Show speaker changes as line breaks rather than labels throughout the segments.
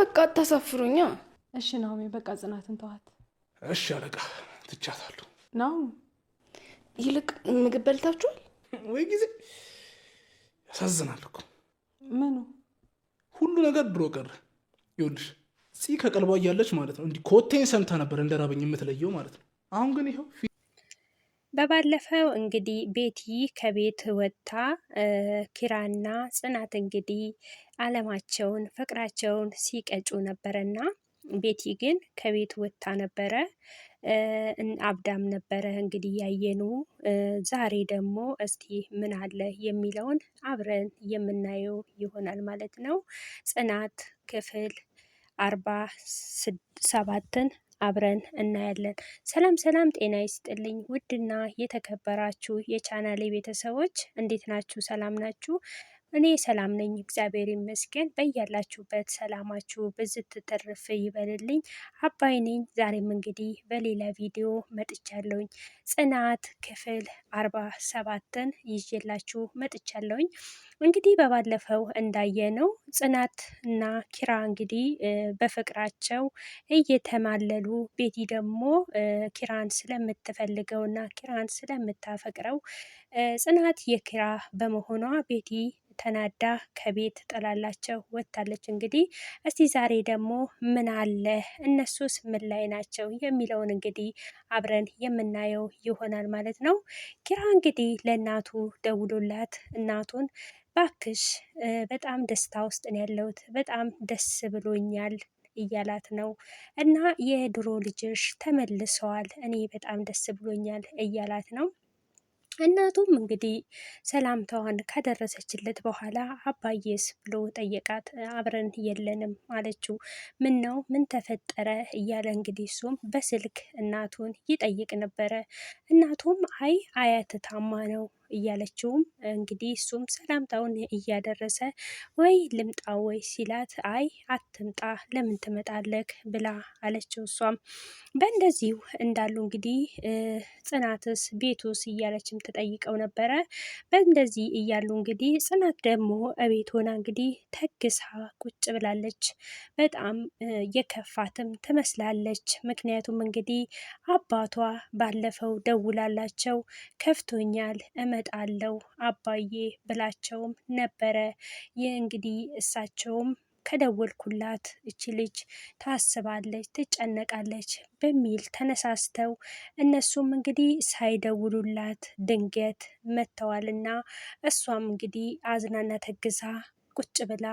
በቃ አታሳፍሩኛ።
እሺ ናሆሜ፣ በቃ ጽናትን ተዋት።
እሺ አለቃ፣ ትቻታለሁ።
ናው ይልቅ ምግብ በልታችኋል
ወይ? ጊዜ ያሳዝናል እኮ። ምኑ ሁሉ ነገር ድሮ ቀረ። ይኸውልሽ ፂ ከቀልቧ እያለች ማለት ነው እንዲህ ኮቴን ሰምታ ነበር እንደራበኝ የምትለየው ማለት ነው። አሁን ግን ይኸው
በባለፈው እንግዲህ ቤቲ ከቤት ወጥታ ኪራና ጽናት እንግዲህ አለማቸውን ፍቅራቸውን ሲቀጩ ነበረና ቤቲ ግን ከቤት ወጥታ ነበረ። አብዳም ነበረ እንግዲህ ያየኑ። ዛሬ ደግሞ እስቲ ምን አለ የሚለውን አብረን የምናየው ይሆናል ማለት ነው። ጽናት ክፍል አርባ ሰባትን አብረን እናያለን። ሰላም ሰላም፣ ጤና ይስጥልኝ ውድና የተከበራችሁ የቻናሌ ቤተሰቦች እንዴት ናችሁ? ሰላም ናችሁ? እኔ ሰላም ነኝ፣ እግዚአብሔር ይመስገን። በያላችሁበት ሰላማችሁ ብዝት ትርፍ ይበልልኝ። አባይ ነኝ። ዛሬም እንግዲህ በሌላ ቪዲዮ መጥቻለሁኝ። ጽናት ክፍል አርባ ሰባትን ይዤላችሁ መጥቻለሁኝ። እንግዲህ በባለፈው እንዳየ ነው ጽናት እና ኪራ እንግዲህ በፍቅራቸው እየተማለሉ ቤቲ ደግሞ ኪራን ስለምትፈልገው ስለምትፈልገውና ኪራን ስለምታፈቅረው ጽናት የኪራ በመሆኗ ቤቲ ተናዳ ከቤት ጥላላቸው ወጥታለች። እንግዲህ እስቲ ዛሬ ደግሞ ምን አለ እነሱስ ምን ላይ ናቸው የሚለውን እንግዲህ አብረን የምናየው ይሆናል ማለት ነው። ኪራ እንግዲህ ለእናቱ ደውሎላት እናቱን ባክሽ በጣም ደስታ ውስጥ ነው ያለሁት፣ በጣም ደስ ብሎኛል እያላት ነው እና የድሮ ልጆች ተመልሰዋል፣ እኔ በጣም ደስ ብሎኛል እያላት ነው። እናቱም እንግዲህ ሰላምታዋን ከደረሰችለት በኋላ አባዬስ ብሎ ጠየቃት። አብረን የለንም አለችው። ምን ነው ምን ተፈጠረ እያለ እንግዲህ እሱም በስልክ እናቱን ይጠይቅ ነበረ። እናቱም አይ አያት ታማ ነው እያለችውም እንግዲህ እሱም ሰላምታውን እያደረሰ ወይ ልምጣ ወይ ሲላት አይ አትምጣ ለምን ትመጣለክ ብላ አለችው። እሷም በእንደዚሁ እንዳሉ እንግዲህ ጽናትስ ቤቱስ እያለችም ትጠይቀው ነበረ። በእንደዚህ እያሉ እንግዲህ ጽናት ደግሞ እቤት ሆና እንግዲህ ተግሳ ቁጭ ብላለች። በጣም የከፋትም ትመስላለች። ምክንያቱም እንግዲህ አባቷ ባለፈው ደውላላቸው ከፍቶኛል እመ እመጣለሁ አባዬ ብላቸውም ነበረ። ይህ እንግዲህ እሳቸውም ከደወልኩላት እቺ ልጅ ታስባለች፣ ትጨነቃለች በሚል ተነሳስተው እነሱም እንግዲህ ሳይደውሉላት ድንገት መጥተዋልና እሷም እንግዲህ አዝናና ተግዛ ቁጭ ብላ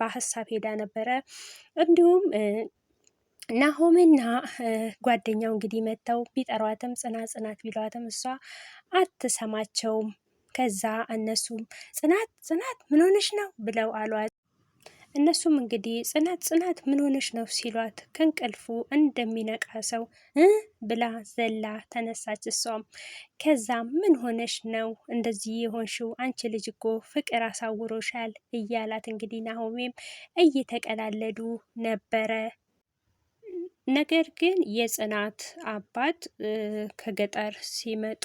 በሀሳብ ሄዳ ነበረ እንዲሁም ናሆምና ጓደኛው እንግዲህ መጥተው ቢጠሯትም ጽናት ጽናት ቢሏትም እሷ አትሰማቸውም። ከዛ እነሱም ጽናት ጽናት ምን ሆነሽ ነው ብለው አሏት። እነሱም እንግዲህ ጽናት ጽናት ምን ሆነሽ ነው ሲሏት ከእንቅልፉ እንደሚነቃ ሰው እ ብላ ዘላ ተነሳች። እሷም ከዛ ምን ሆነሽ ነው እንደዚህ የሆንሽው? አንቺ ልጅ እኮ ፍቅር አሳውሮሻል እያላት እንግዲህ ናሆሜም እየተቀላለዱ ነበረ። ነገር ግን የጽናት አባት ከገጠር ሲመጡ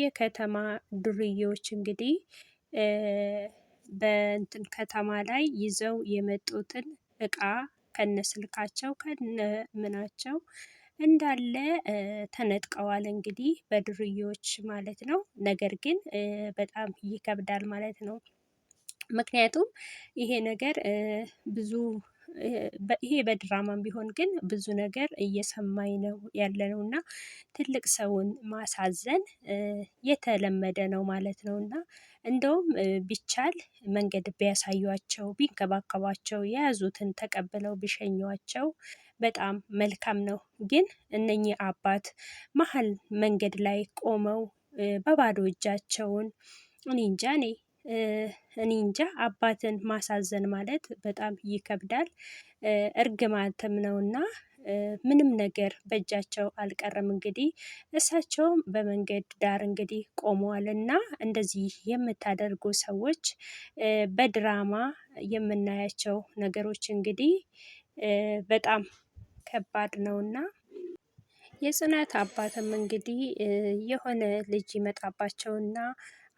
የከተማ ዱርዬዎች እንግዲህ በእንትን ከተማ ላይ ይዘው የመጡትን እቃ ከነስልካቸው ከነምናቸው እንዳለ ተነጥቀዋል። እንግዲህ በዱርዬዎች ማለት ነው። ነገር ግን በጣም ይከብዳል ማለት ነው። ምክንያቱም ይሄ ነገር ብዙ ይሄ በድራማም ቢሆን ግን ብዙ ነገር እየሰማኝ ነው ያለ ነው እና ትልቅ ሰውን ማሳዘን የተለመደ ነው ማለት ነው እና እንደውም ቢቻል መንገድ ቢያሳዩቸው፣ ቢንከባከቧቸው፣ የያዙትን ተቀብለው ቢሸኟቸው በጣም መልካም ነው። ግን እነኚህ አባት መሀል መንገድ ላይ ቆመው በባዶ እጃቸውን እኔ እንጃ እኔ እኔ እንጃ አባትን ማሳዘን ማለት በጣም ይከብዳል። እርግማትም ነውና ምንም ነገር በእጃቸው አልቀረም። እንግዲህ እሳቸውም በመንገድ ዳር እንግዲህ ቆመዋል እና እንደዚህ የምታደርጉ ሰዎች በድራማ የምናያቸው ነገሮች እንግዲህ በጣም ከባድ ነውና። የጽናት አባትም እንግዲህ የሆነ ልጅ ይመጣባቸውና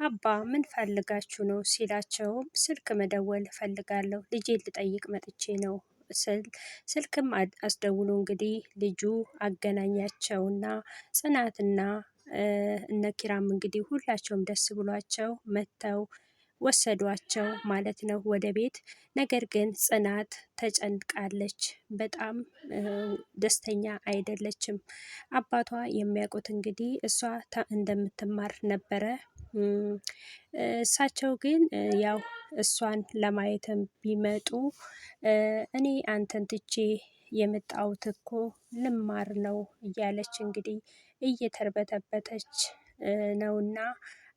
አባ ምን ፈልጋችሁ ነው ሲላቸውም ስልክ መደወል እፈልጋለሁ ልጄን ልጠይቅ መጥቼ ነው ስልክም አስደውሎ እንግዲህ ልጁ አገናኛቸውና ጽናትና እነ ኪራም እንግዲህ ሁላቸውም ደስ ብሏቸው መጥተው ወሰዷቸው ማለት ነው ወደ ቤት። ነገር ግን ጽናት ተጨንቃለች፣ በጣም ደስተኛ አይደለችም። አባቷ የሚያውቁት እንግዲህ እሷ እንደምትማር ነበረ። እሳቸው ግን ያው እሷን ለማየትም ቢመጡ እኔ አንተን ትቼ የመጣሁት እኮ ልማር ነው እያለች እንግዲህ እየተርበተበተች ነውና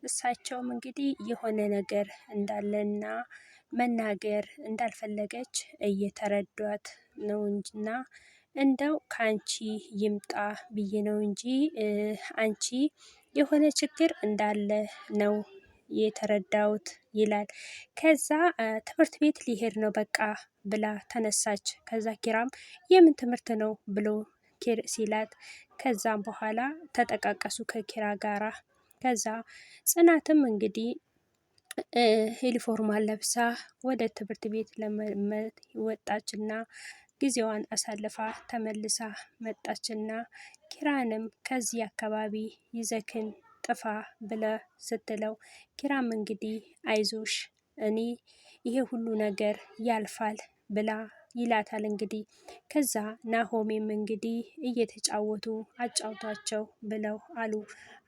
እሳቸውም እንግዲህ የሆነ ነገር እንዳለና መናገር እንዳልፈለገች እየተረዷት ነው እንጂና እንደው ከአንቺ ይምጣ ብዬ ነው እንጂ አንቺ የሆነ ችግር እንዳለ ነው የተረዳውት ይላል። ከዛ ትምህርት ቤት ሊሄድ ነው በቃ ብላ ተነሳች። ከዛ ኪራም የምን ትምህርት ነው ብሎ ኪር ሲላት፣ ከዛም በኋላ ተጠቃቀሱ ከኪራ ጋራ። ከዛ ጽናትም እንግዲህ ዩኒፎርሟን ለብሳ ወደ ትምህርት ቤት ለመመት ወጣችና ጊዜዋን አሳልፋ ተመልሳ መጣችና ኪራንም ከዚህ አካባቢ ይዘክን ጥፋ ብለ ስትለው ኪራም እንግዲህ አይዞሽ እኔ ይሄ ሁሉ ነገር ያልፋል ብላ ይላታል። እንግዲህ ከዛ ናሆሜም እንግዲህ እየተጫወቱ አጫውቷቸው ብለው አሉ።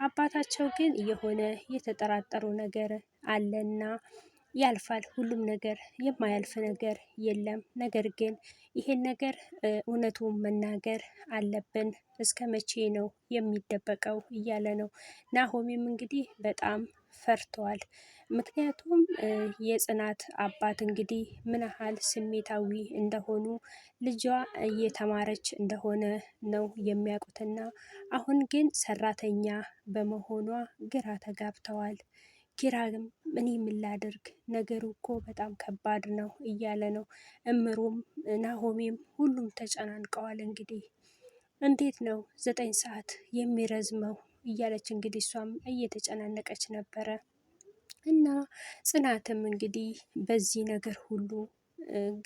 አባታቸው ግን የሆነ የተጠራጠሩ ነገር አለና ያልፋል ሁሉም ነገር፣ የማያልፍ ነገር የለም። ነገር ግን ይሄን ነገር እውነቱን መናገር አለብን። እስከ መቼ ነው የሚደበቀው? እያለ ነው ናሆሚም እንግዲህ በጣም ፈርተዋል። ምክንያቱም የጽናት አባት እንግዲህ ምን ያህል ስሜታዊ እንደሆኑ ልጇ እየተማረች እንደሆነ ነው የሚያውቁትና አሁን ግን ሰራተኛ በመሆኗ ግራ ተጋብተዋል። ኪራም እኔ ምን ላድርግ ነገሩ እኮ በጣም ከባድ ነው እያለ ነው። እምሩም ናሆሜም ሁሉም ተጨናንቀዋል። እንግዲህ እንዴት ነው ዘጠኝ ሰዓት የሚረዝመው እያለች እንግዲህ እሷም እየተጨናነቀች ነበረ። እና ጽናትም እንግዲህ በዚህ ነገር ሁሉ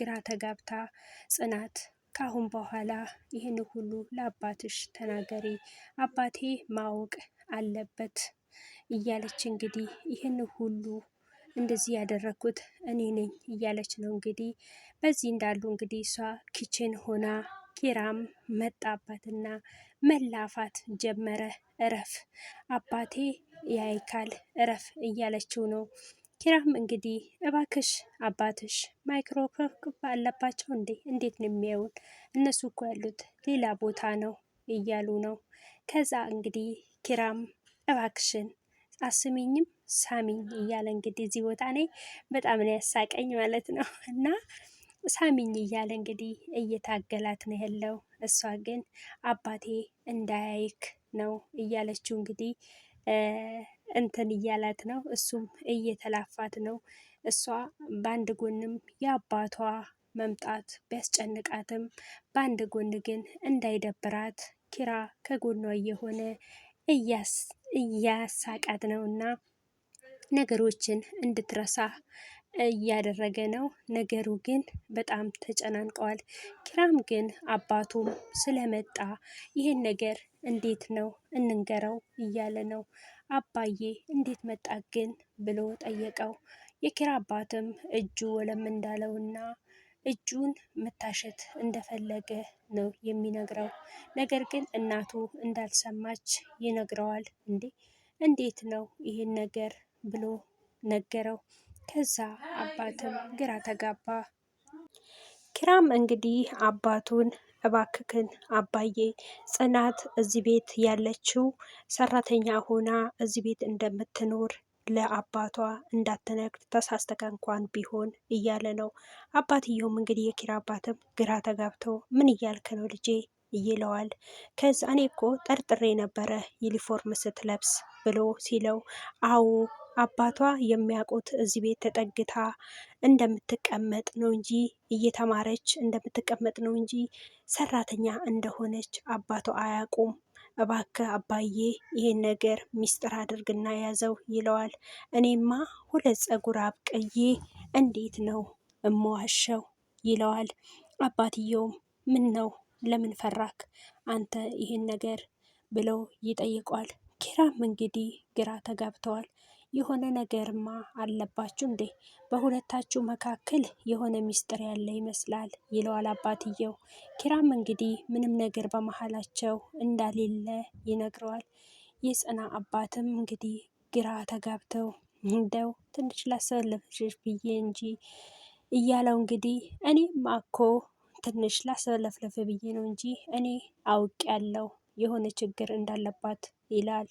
ግራ ተጋብታ ጽናት ካሁን በኋላ ይህን ሁሉ ለአባትሽ ተናገሪ፣ አባቴ ማወቅ አለበት እያለች እንግዲህ ይህን ሁሉ እንደዚህ ያደረግኩት እኔ ነኝ እያለች ነው እንግዲህ። በዚህ እንዳሉ እንግዲህ እሷ ኪችን ሆና ኪራም መጣባትና መላፋት ጀመረ። እረፍ አባቴ ያይካል እረፍ እያለችው ነው። ኪራም እንግዲህ እባክሽ አባትሽ ማይክሮፎን አለባቸው እንዴ? እንዴት ነው የሚያዩን? እነሱ እኮ ያሉት ሌላ ቦታ ነው እያሉ ነው። ከዛ እንግዲህ ኪራም እባክሽን አስሚኝም ሳሚኝ እያለ እንግዲህ እዚህ ቦታ ላይ በጣም ነው ያሳቀኝ ማለት ነው። እና ሳሚኝ እያለ እንግዲህ እየታገላት ነው ያለው። እሷ ግን አባቴ እንዳያይክ ነው እያለችው እንግዲህ እንትን እያላት ነው። እሱም እየተላፋት ነው። እሷ በአንድ ጎንም የአባቷ መምጣት ቢያስጨንቃትም፣ በአንድ ጎን ግን እንዳይደብራት ኪራ ከጎኗ እየሆነ እያስ እያሳቃት ነው እና ነገሮችን እንድትረሳ እያደረገ ነው። ነገሩ ግን በጣም ተጨናንቀዋል። ኪራም ግን አባቱም ስለመጣ ይህን ነገር እንዴት ነው እንንገረው እያለ ነው። አባዬ እንዴት መጣ ግን ብሎ ጠየቀው። የኪራ አባትም እጁ ወለም እንዳለው እና። እጁን መታሸት እንደፈለገ ነው የሚነግረው። ነገር ግን እናቱ እንዳልሰማች ይነግረዋል። እንዴ እንዴት ነው ይህን ነገር ብሎ ነገረው። ከዛ አባትም ግራ ተጋባ። ኪራም እንግዲህ አባቱን እባክክን አባዬ ጽናት እዚህ ቤት ያለችው ሰራተኛ ሆና እዚህ ቤት እንደምትኖር ለአባቷ እንዳትነግር ተሳስተከ እንኳን ቢሆን እያለ ነው። አባትየውም እንግዲህ የኪራ አባትም ግራ ተጋብተው ምን እያልክ ነው ልጄ ይለዋል። ከዛ እኔ እኮ ጠርጥሬ ነበረ ዩኒፎርም ስትለብስ ብሎ ሲለው አዎ አባቷ የሚያውቁት እዚህ ቤት ተጠግታ እንደምትቀመጥ ነው እንጂ እየተማረች እንደምትቀመጥ ነው እንጂ ሰራተኛ እንደሆነች አባቷ አያውቁም እባክህ አባዬ ይህን ነገር ሚስጥር አድርግና ያዘው ይለዋል። እኔማ ሁለት ጸጉር አብቅዬ እንዴት ነው እመዋሸው ይለዋል። አባትየውም ምን ነው ለምን ፈራክ አንተ ይህን ነገር ብለው ይጠይቋል። ኪራም እንግዲህ ግራ ተጋብተዋል። የሆነ ነገርማ አለባችሁ እንዴ? በሁለታችሁ መካከል የሆነ ሚስጥር ያለ ይመስላል ይለዋል አባትየው። ኪራም እንግዲህ ምንም ነገር በመሀላቸው እንዳሌለ ይነግረዋል። የጽና አባትም እንግዲህ ግራ ተጋብተው እንደው ትንሽ ላሰለፍሽ ብዬ እንጂ እያለው እንግዲህ እኔም አኮ ትንሽ ላሰለፍለፍ ብዬ ነው እንጂ እኔ አውቅ ያለው የሆነ ችግር እንዳለባት ይላል።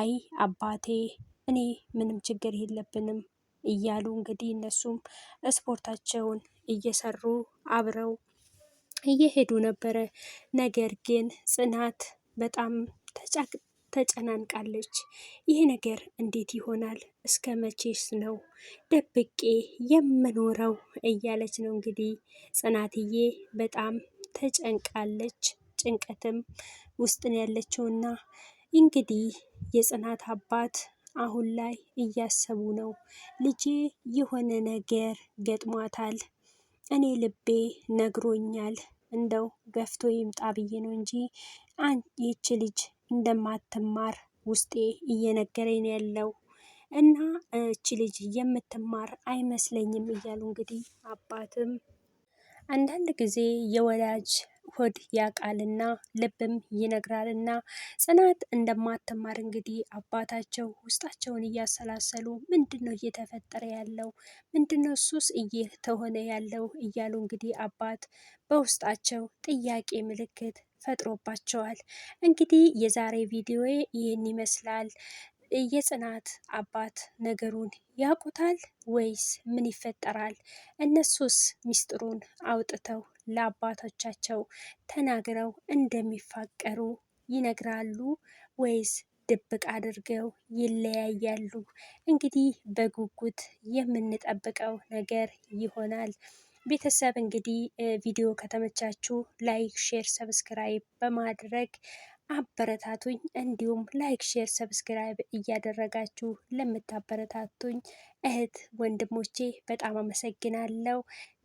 አይ አባቴ እኔ ምንም ችግር የለብንም እያሉ እንግዲህ እነሱም ስፖርታቸውን እየሰሩ አብረው እየሄዱ ነበረ። ነገር ግን ጽናት በጣም ተጨናንቃለች። ይህ ነገር እንዴት ይሆናል? እስከ መቼስ ነው ደብቄ የምኖረው? እያለች ነው እንግዲህ ጽናትዬ በጣም ተጨንቃለች። ጭንቀትም ውስጥ ያለችውና እንግዲህ የጽናት አባት አሁን ላይ እያሰቡ ነው። ልጄ የሆነ ነገር ገጥሟታል፣ እኔ ልቤ ነግሮኛል፣ እንደው ገፍቶ ይምጣ ብዬ ነው እንጂ ይቺ ልጅ እንደማትማር ውስጤ እየነገረኝ ያለው እና እቺ ልጅ የምትማር አይመስለኝም እያሉ እንግዲህ አባትም አንዳንድ ጊዜ የወላጅ ሆድ ያቃልና ልብም ይነግራልና ጽናት እንደማትማር እንግዲህ አባታቸው ውስጣቸውን እያሰላሰሉ ምንድን ነው እየተፈጠረ ያለው ምንድን ነው እሱስ እየተሆነ ያለው እያሉ እንግዲህ አባት በውስጣቸው ጥያቄ ምልክት ፈጥሮባቸዋል። እንግዲህ የዛሬ ቪዲዮ ይህን ይመስላል። የጽናት አባት ነገሩን ያውቁታል ወይስ ምን ይፈጠራል? እነሱስ ሚስጥሩን አውጥተው ለአባቶቻቸው ተናግረው እንደሚፋቀሩ ይነግራሉ ወይስ ድብቅ አድርገው ይለያያሉ? እንግዲህ በጉጉት የምንጠብቀው ነገር ይሆናል። ቤተሰብ እንግዲህ ቪዲዮ ከተመቻችሁ ላይክ፣ ሼር፣ ሰብስክራይብ በማድረግ አበረታቱኝ። እንዲሁም ላይክ፣ ሼር፣ ሰብስክራይብ እያደረጋችሁ ለምታበረታቱኝ እህት ወንድሞቼ በጣም አመሰግናለሁ።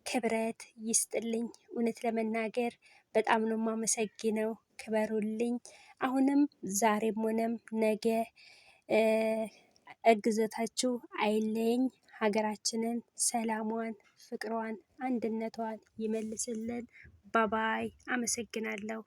ክብረት ይስጥልኝ። እውነት ለመናገር በጣም ነው የማመሰግነው። ክበሩልኝ። አሁንም ዛሬም ሆነም ነገ እግዘታችሁ አይለኝ። ሀገራችንን ሰላሟን፣ ፍቅሯን፣ አንድነቷን ይመልስልን። ባባይ አመሰግናለሁ።